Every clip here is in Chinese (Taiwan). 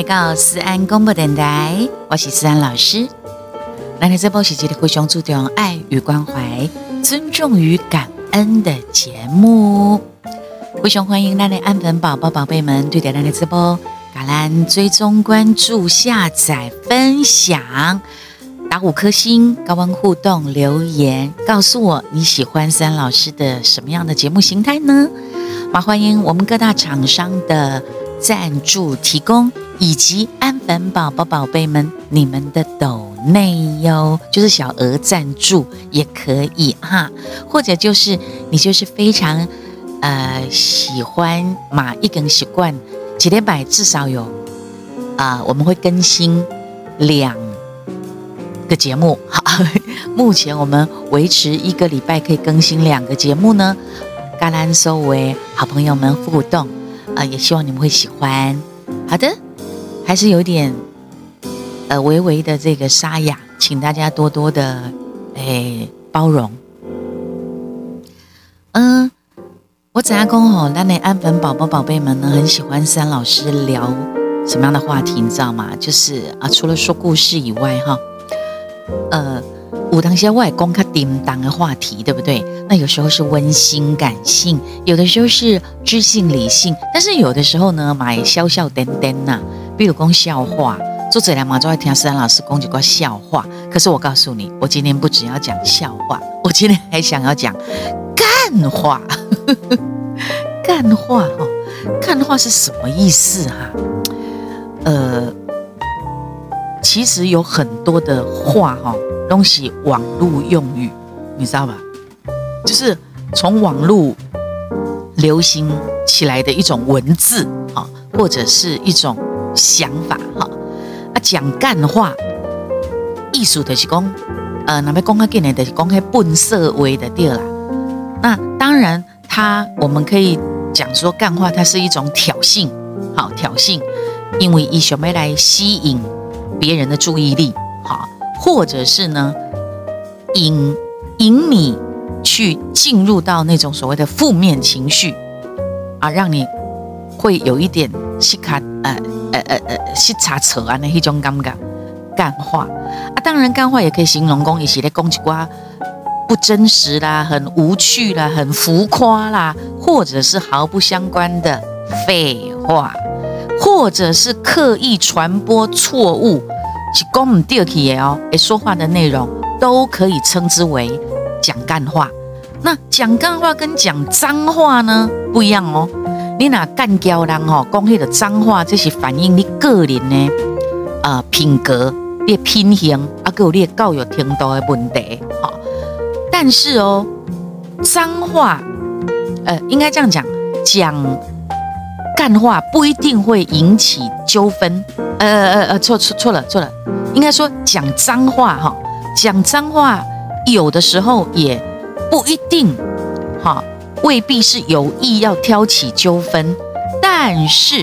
來到思安廣播電台，我是思安老師。那你的直播喜極的非常注重愛與關懷、尊重與感恩的節目。非常歡迎那的安粉寶寶、寶貝們對點亮的直播，感恩追蹤、關注、下載、分享，打五顆星，高溫互動留言，告訴我你喜歡思安老師的什麼樣的節目形態呢？嘛歡迎我們各大廠商的贊助提供。以及安粉寶寶、寶貝們，你們的抖內喲，就是小額贊助也可以哈，或者就是你就是非常，呃，喜歡馬一根習慣，幾天擺至少有，啊、呃，我們會更新兩個節目。好，呵呵，目前我們維持一個禮拜可以更新兩個節目呢，甘藍收尾，好朋友們互動，啊、呃，也希望你們會喜歡。好的。還是有點，呃，微微的這個沙啞，請大家多多的，哎、欸，包容。嗯，我仔阿公吼，那那安粉寶寶寶貝們呢，很喜歡思安老師聊什麼樣的話題，你知道嗎？就是啊，除了說故事以外，哈、哦，呃，時我當下外公他叮當的話題，對不對？那有時候是溫馨感性，有的時候是知性理性，但是有的時候呢，買笑笑顛顛吶。比如說笑話，作這兩毛就會聽思安老師講幾個笑話。可是我告訴你，我今天不只要講笑話，我今天還想要講幹話。呵呵幹話哦，幹話是什麼意思哈、啊？呃，其實有很多的話哦，東西網絡用語，你知道吧？就是從網絡流行起來的一種文字啊，或者是一種。想法哈啊講幹話，意思就是，是公呃，那怕公開今年的，是公開，本色為的對啦。那當然，他我們可以講說幹話，它是一種挑釁，好挑釁，因為以什麼來吸引別人的注意力，好，或者是呢引引你去進入到那種所謂的負面情緒而、啊、讓你會有一點小看啊。呃呃呃呃，識查扯啊，那一種感覺幹話啊，當然幹話也可以形容講一些咧攻擊過不真實啦，很無趣啦，很浮誇啦，或者是毫不相關的廢話，或者是刻意傳播錯誤，是講唔對起嘢哦，誒，說話的內容都可以稱之為講幹話。那講幹話跟講髒話呢不一樣哦。你吶幹叫人吼講迄的髒話，這是反映你個人的呃品格，你的品行，啊，還有你的教育程度的問題，但是哦，髒話，呃，應該這樣講，講幹話不一定會引起糾紛，呃呃呃，錯錯錯了錯了，應該說講髒話哈，講髒話有的時候也不一定，哈。未必是有意要挑起糾紛，但是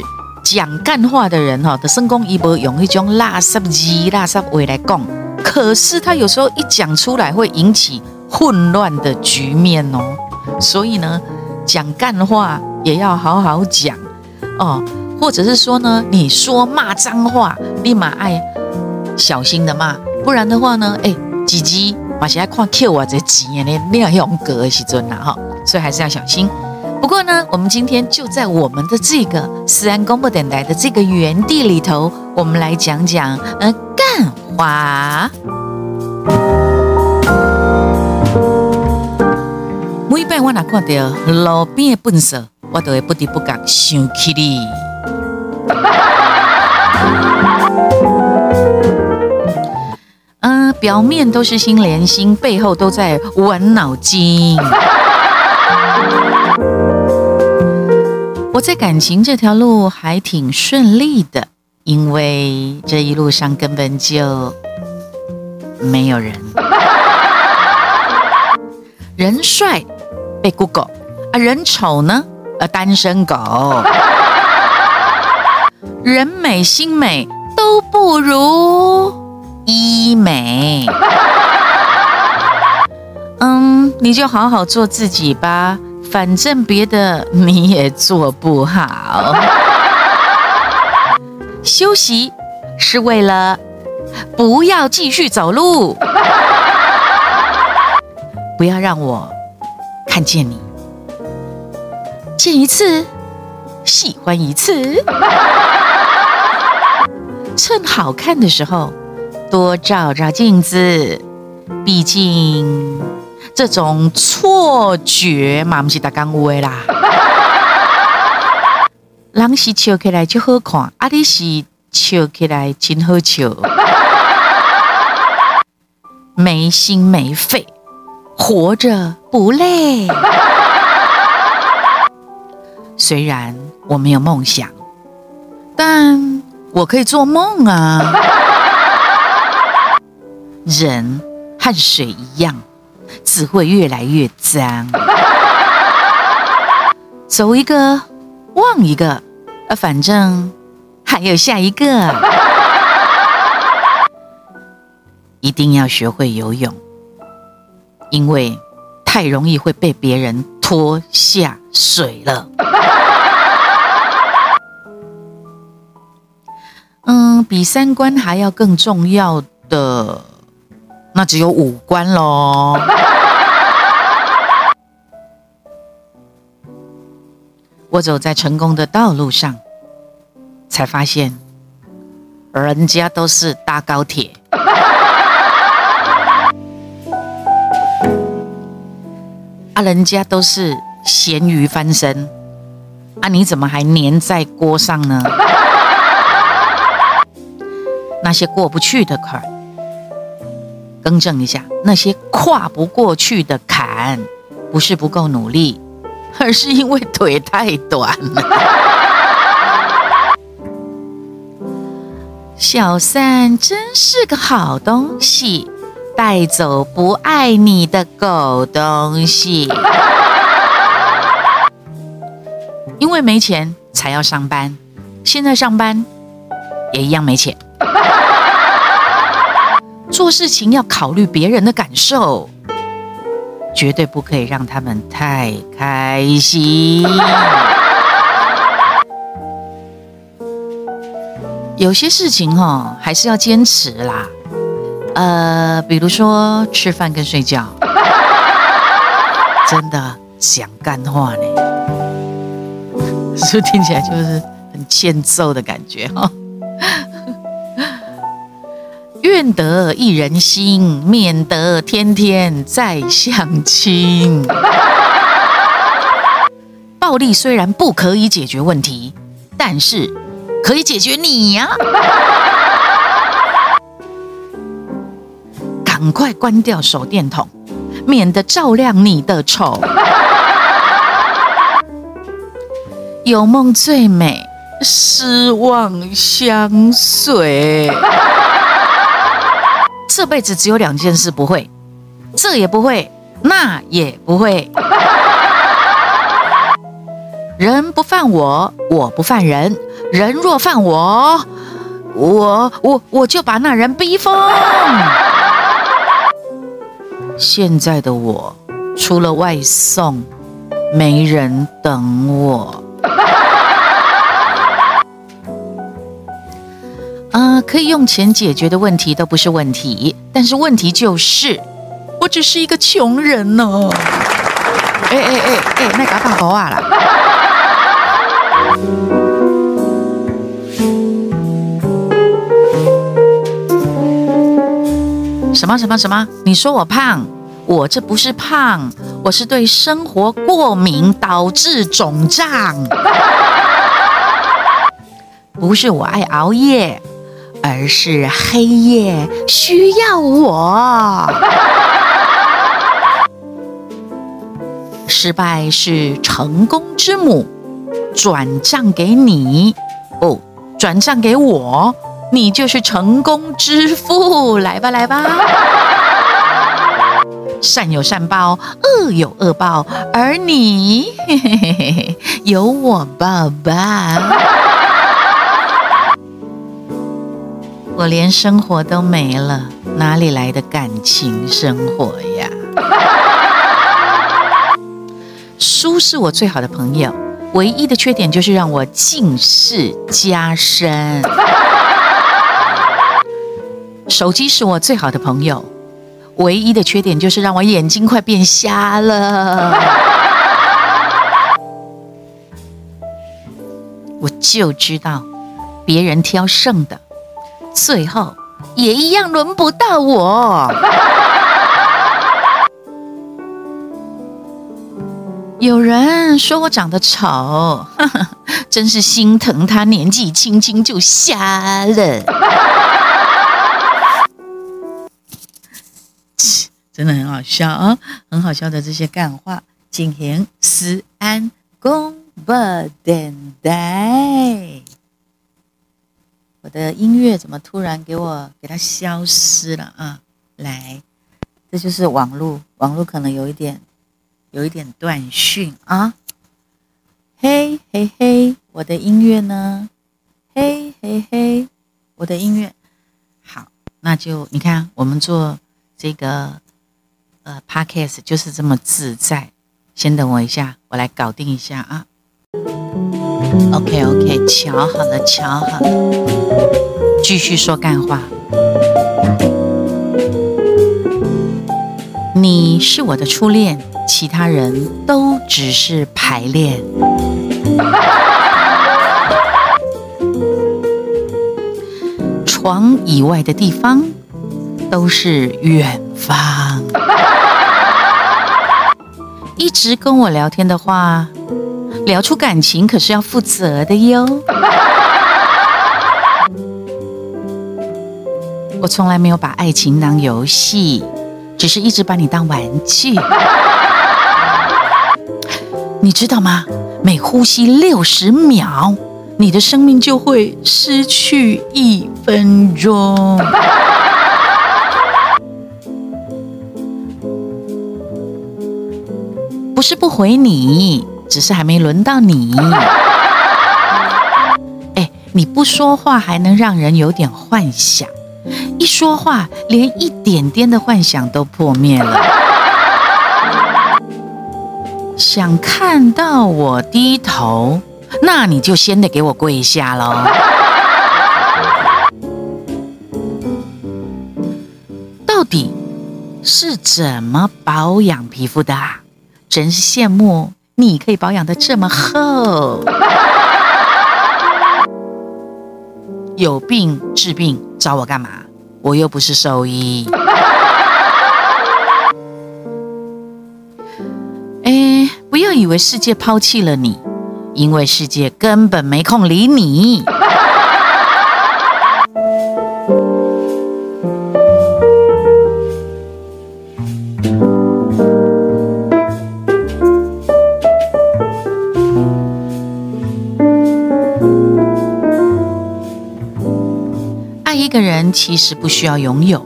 講幹話的人哈的身功一搏，容易用垃圾機、垃圾尾來講，可是他有時候一講出來會引起混亂的局面哦、喔。所以呢，講幹話也要好好講哦、喔，或者是說呢，你說罵髒話，立馬愛小心的罵，不然的話呢，哎、欸，姐姐還是愛看 Q 或者錢的那樣個時陣啦哈。所以還是要小心。不過呢，我們今天就在我們的這個思安廣播電台的這個園地裡頭，我們來講講，呃，幹話。每當我哪看到路邊的糞掃，我都會不得不敢想起你、 呃。表面都是心連心，背後都在玩腦筋。我在感情這條路還挺順利的，因為這一路上根本就沒有人。人帥被 Google 啊，人醜呢？呃，單身狗。人美心美都不如醫美。嗯，你就好好做自己吧。反正別的你也做不好， 休息是為了不要繼續走路，不要讓我看見你，見一次喜歡一次，次 趁，好看的時候多照照鏡子，畢竟。這種錯覺嘛，不是大家誤會啦。人是笑起來就好看，阿、啊、裡是笑起來真好笑。沒心沒肺，活着不累。雖然我沒有夢想，但我可以做夢啊。人和水一樣。只會越來越髒，走一個，忘一個，呃，反正還有下一個，一定要學會游泳，因為太容易會被別人拖下水了。嗯，比三觀還要更重要的，那只有五官嘍。我走在成功的道路上，才發現，人家都是搭高鐵，啊，人家都是鹹魚翻身，啊，你怎麼還粘在鍋上呢？那些過不去的坎，更正一下，那些跨不過去的坎，不是不夠努力。而是因為腿太短了。小三真是個好東西，帶走不愛你的狗東西。因為沒錢才要上班，現在上班也一樣沒錢。做事情要考慮別人的感受。絕對不可以讓他們太開心。有些事情哈，還是要堅持啦。呃，比如說吃飯跟睡覺，真的想幹話呢，是不是聽起來就是很欠揍的感覺哈？願得一人心，免得天天在相親。 暴力雖然不可以解決問題，但是可以解決你呀、啊！ 趕快關掉手電筒，免得照亮你的醜。 有夢最美，失望相隨。這輩子只有兩件事不會，這也不會，那也不會。 人不犯我，我不犯人。人若犯我，我我我就把那人逼瘋。 現在的我，除了外送，沒人等我。呃、可以用錢解決的問題都不是問題，但是問題就是，我只是一個窮人呢、哦。哎哎哎哎，那個、個、胖哥啊啦 ！什麼什麼什麼？你說我胖？我這不是胖，我是對生活過敏導致腫脹。不是我愛熬夜。而是黑夜需要我。失敗是成功之母，轉賬給你，哦，轉賬給我，你就是成功之父。來吧，來吧。善有善報，惡有惡報，而你嘿嘿嘿有我爸爸。我連生活都沒了，哪裡來的感情生活呀？ 書是我最好的朋友，唯一的缺點就是讓我近視加深。 手機是我最好的朋友，唯一的缺點就是讓我眼睛快變瞎了。 我就知道，別人挑剩的。最後也一樣輪不到我。 有人說我長得醜，真是心疼他年紀輕輕就瞎了。 真的很好笑啊、哦，很好笑的這些幹話。景賢、思安，恭候等待。我的音樂怎麼突然給我給它消失了啊？來，這就是網絡，網絡可能有一點，有一點斷訊啊。嘿嘿嘿，我的音樂呢？嘿嘿嘿，我的音樂。好，那就你看，我們做這個呃，podcast 就是這麼自在。先等我一下，我來搞定一下啊。OK OK，瞧好了，瞧好了，繼續說幹話。你是我的初戀，其他人都只是排練。 床以外的地方都是遠方。一直跟我聊天的話。聊出感情可是要負責的喲。我從來沒有把愛情當遊戲，只是一直把你當玩具。你知道嗎？每呼吸六十秒，你的生命就會失去一分鐘。不是不回你。只是還沒輪到你。哎，你不說話還能讓人有點幻想，一說話連一點點的幻想都破滅了。想看到我低頭，那你就先得給我跪下嘍。到底是怎麼保養皮膚的啊？真是羨慕。你可以保養得這麼厚。有病治病，找我幹嘛？我又不是獸醫。哎，不要以為世界拋棄了你，因為世界根本沒空理你。其實不需要擁有，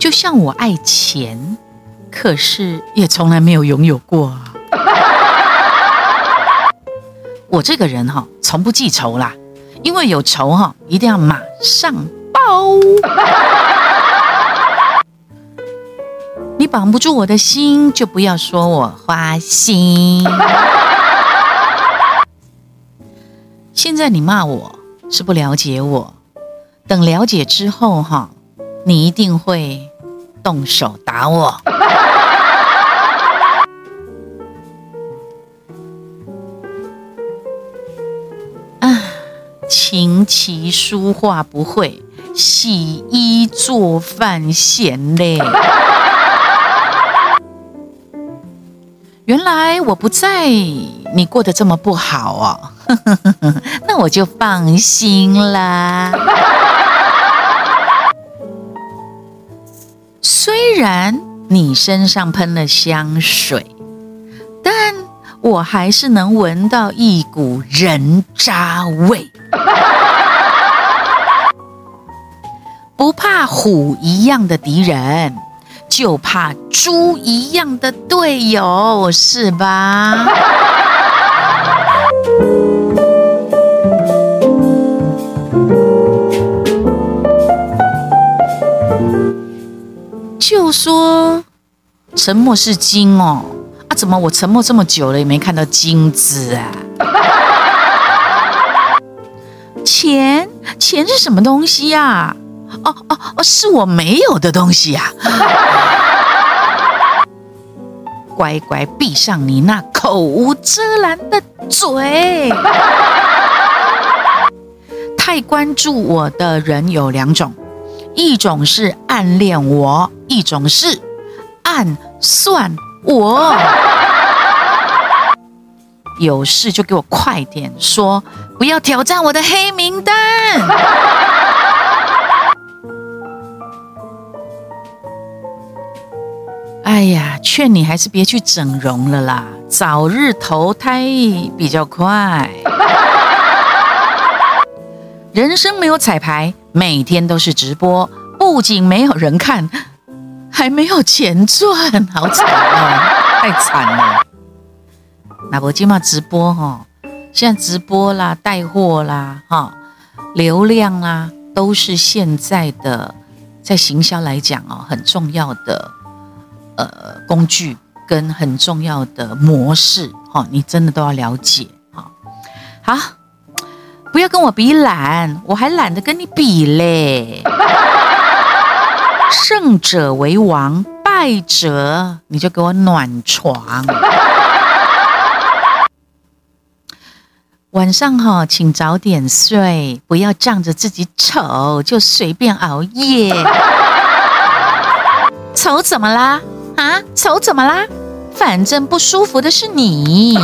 就像我愛錢，可是也從來沒有擁有過啊。 我這個人哈，從不記仇啦，因為有仇哈，一定要馬上報。 你綁不住我的心，就不要說我花心。 現在你罵我，是不了解我。等了解之後哈，你一定會動手打我。 啊，琴棋書畫不會，洗衣做飯嫌累。 原來我不在，你過得這麼不好哦， 那我就放心啦。雖然你身上噴了香水，但我還是能聞到一股人渣味。 不怕虎一樣的敵人，就怕豬一樣的隊友，是吧？ 說沉默是金哦，啊，怎麼我沉默這麼久了也沒看到金子啊？ 錢錢是什麼東西呀、啊？哦哦哦，是我沒有的東西呀、啊！ 乖乖閉上你那口無遮攔的嘴！ 太關注我的人有兩種。一種是暗戀我，一種是暗算我。有事就給我快點說，不要挑戰我的黑名單。哎呀，勸你還是別去整容了啦，早日投胎比較快。人生沒有彩排。每天都是直播，不僅沒有人看，還沒有錢賺，好慘啊！太慘了。那我今天直播哈，現在直播啦、帶貨啦、哈、流量啦、啊，都是現在的在行銷來講哦，很重要的呃工具跟很重要的模式哈，你真的都要了解哈。好。不要跟我比懶，我還懶得跟你比嘞。勝者為王，敗者你就給我暖床。晚上好，請早點睡，不要仗着自己醜就隨便熬夜。醜怎麼啦？啊，醜怎麼啦？反正不舒服的是你。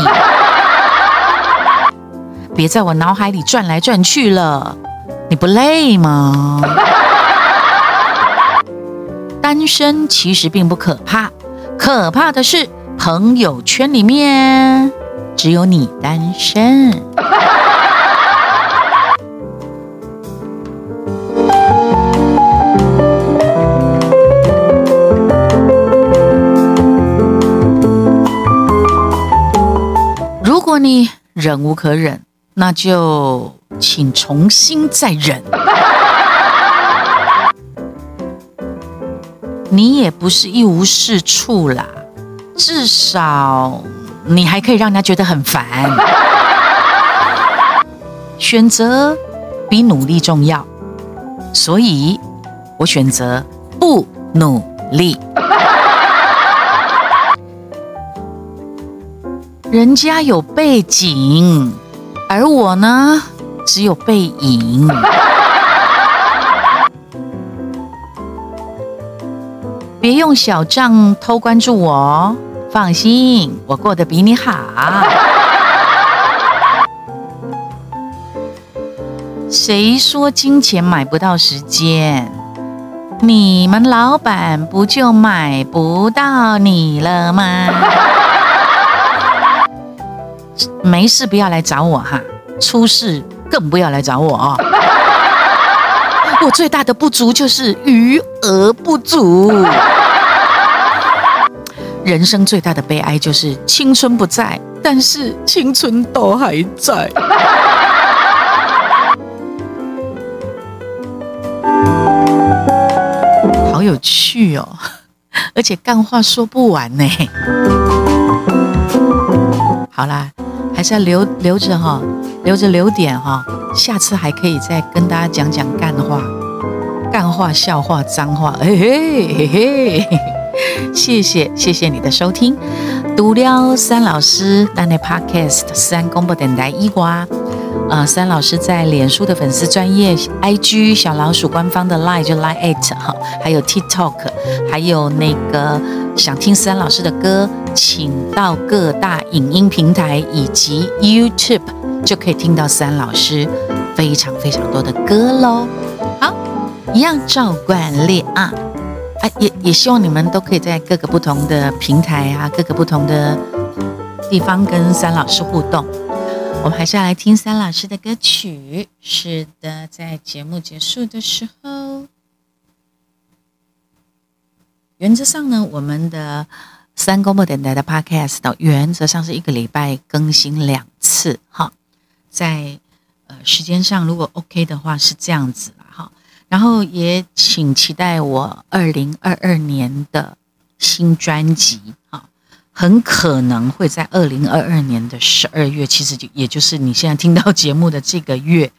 別在我腦海裡轉來轉去了，你不累嗎？單身其實並不可怕，可怕的是朋友圈裡面只有你單身。如果你忍無可忍，那就請重新再忍。你也不是一無是處啦，至少你還可以讓人家覺得很煩。選擇比努力重要，所以我選擇不努力。人家有背景。而我呢，只有背影。 別用小賬偷關注我，放心，我過得比你好。 誰說金錢買不到時間？你們老闆不就買不到你了嗎？ 沒事，不要來找我哈。出事更不要來找我哦。 我最大的不足就是餘額不足。 人生最大的悲哀就是青春不在，但是青春都還在。 好有趣哦，而且幹話說不完呢、哎！好啦。還是要留留着哈，留着留點哈，下次還可以再跟大家講講乾話、乾話、笑話、髒話，嘿嘿嘿嘿。謝謝，謝謝你的收聽，讀了思安老師單日 podcast 三公布電台一掛啊、呃，思安老師在臉書的粉絲專頁 IG 小老鼠官方的 LINE 就 LINE it 哈，還有 TikTok，還有那個。想聽思安老師的歌，請到各大影音平台以及 YouTube 就可以聽到思安老師非常非常多的歌嘍。好，一樣照慣例啊，啊，也也希望你們都可以在各個不同的平台啊，各個不同的地方跟思安老師互動。我們還是要來聽思安老師的歌曲。是的，在節目結束的時候。原則上呢，我們的三公婆電台的 Podcast 呢，原則上是一個禮拜更新兩次，哈，在呃時間上如果 OK 的話是這樣子啦哈。然後也請期待我二零二二年的新專輯，哈，很可能會在二零二二年的十二月，其實就也就是你現在聽到節目的這個月，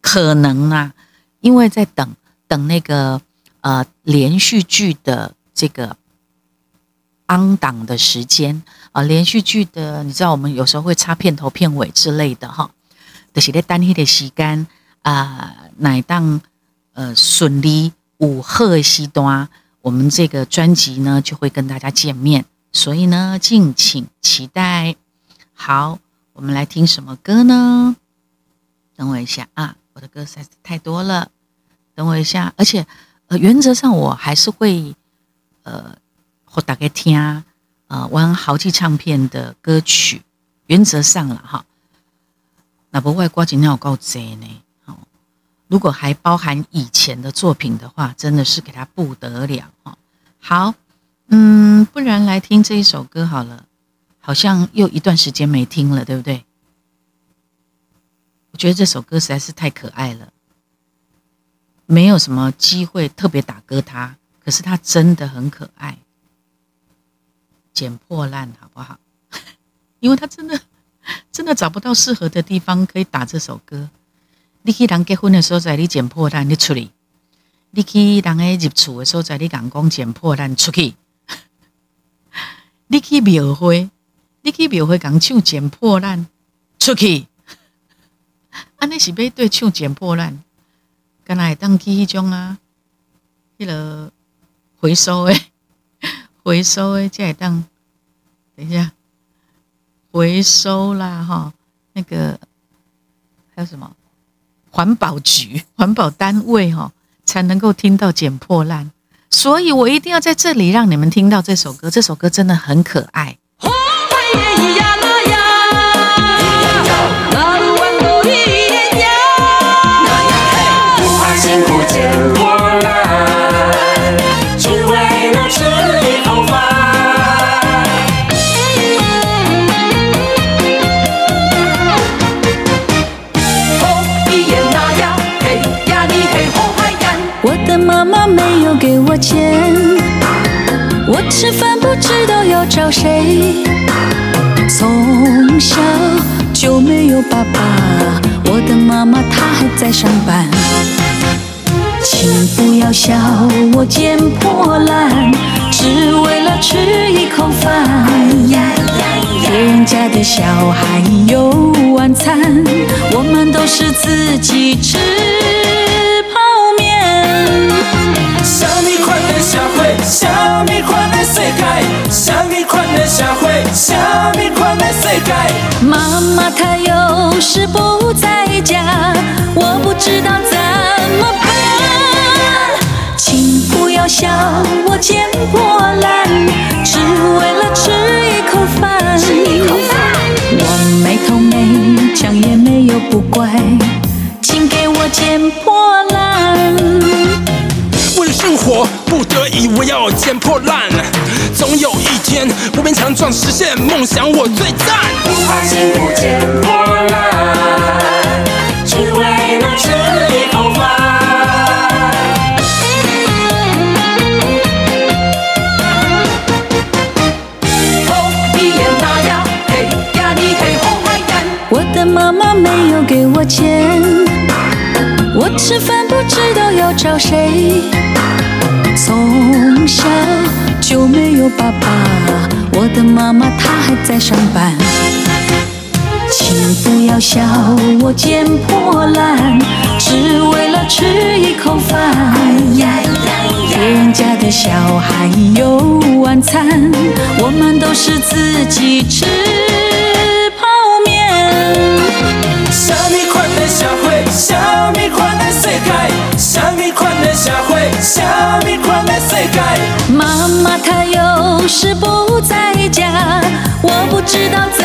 可能啊，因為在等等那個呃連續劇的。這個檔、嗯、檔的時間啊、呃，連續劇的，你知道我們有時候會插片頭、片尾之類的哈、哦。就是在單黑的時間啊，乃當呃，呃順利五賀西端。我們這個專輯呢就會跟大家見面，所以呢敬請期待。好，我們來聽什麼歌呢？等我一下啊，我的歌實在太多了。等我一下，而且呃，原則上我還是會。呃，或大概聽啊，呃，玩豪記唱片的歌曲，原則上啦，哈。那不過掛今天我告誡呢，哦，如果還包含以前的作品的話，真的是給他不得了哈。好，嗯，不然來聽這一首歌好了，好像又一段時間沒聽了，對不對？我覺得這首歌實在是太可愛了，沒有什麼機會特別打歌他。可是他真的很可愛，撿破爛好不好？ 因為他真的真的找不到適合的地方可以打這首歌。你去人結婚的時候，在你撿破爛，你出來。你去人誒入厝的時候，在你人工撿破爛出去。 你去廟會，你去廟會工廠撿破爛出去。 啊，你是要對廠撿破爛，幹來當起迄種啊，迄落。回收欸，回收欸，這也當，等一下，回收啦哈、哦，那個還有什麼環保局、環保單位哈、哦，才能夠聽到撿破爛，所以我一定要在這裡讓你們聽到這首歌。這首歌真的很可愛。誰？從小就沒有爸爸，我的媽媽她還在上班。請不要笑我撿破爛，只為了吃一口飯。別人家的小孩有晚餐，我們都是自己吃。是不在家，我不知道怎麼辦。請不要笑我撿破爛，只為了吃一口飯。吃一口飯。我沒偷沒搶也沒有不乖，請給我撿破爛。生活不得已，我要撿破爛。總有一天，不變強壯，實現夢想，我最讚。不怕辛苦撿破爛，只為能吃一口飯。偷一眼他呀，嘿呀，你嘿紅太陽。我的媽媽沒有給我錢，我吃飯不知道要找誰。從小就沒有爸爸，我的媽媽她還在上班。請不要笑我撿破爛，只為了吃一口飯。別人家的小孩有晚餐，我們都是自己吃泡麵。什麼款的社會，什麼款的世界，什麼？下回下快媽媽她有時不在家，我不知道怎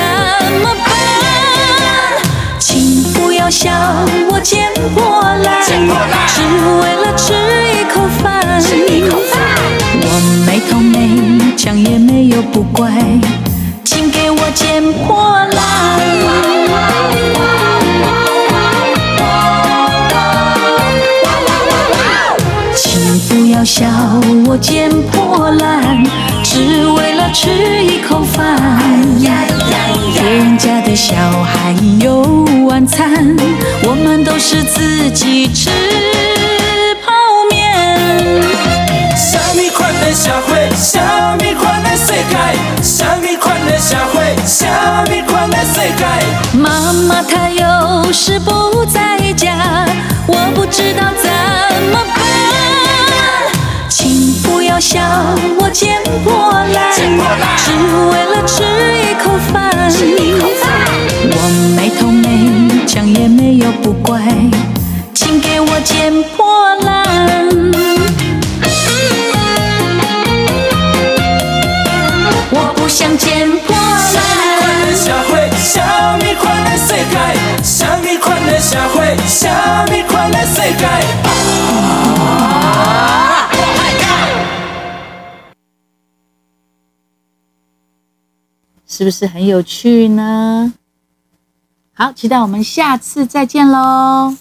麼辦。請不要笑我撿破爛，只為了吃一口飯。口飯我沒偷沒搶也沒有不乖，請給我撿破爛。小，小我撿破爛，只為了吃一口飯。別人家的小孩有晚餐，我們都是自己吃泡麵。什麼款的社會？什麼款的世界？什麼款的社會？什麼款的世界？媽媽她有。撿破爛，只為了吃一口飯。吃一口飯，我沒偷沒搶，也沒有不乖，請給我撿破爛。我不想撿破爛。是不是很有趣呢？好，期待我們下次再見嘍！